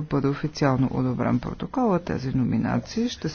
бъде официално одобрен протокола, тези номинации ще се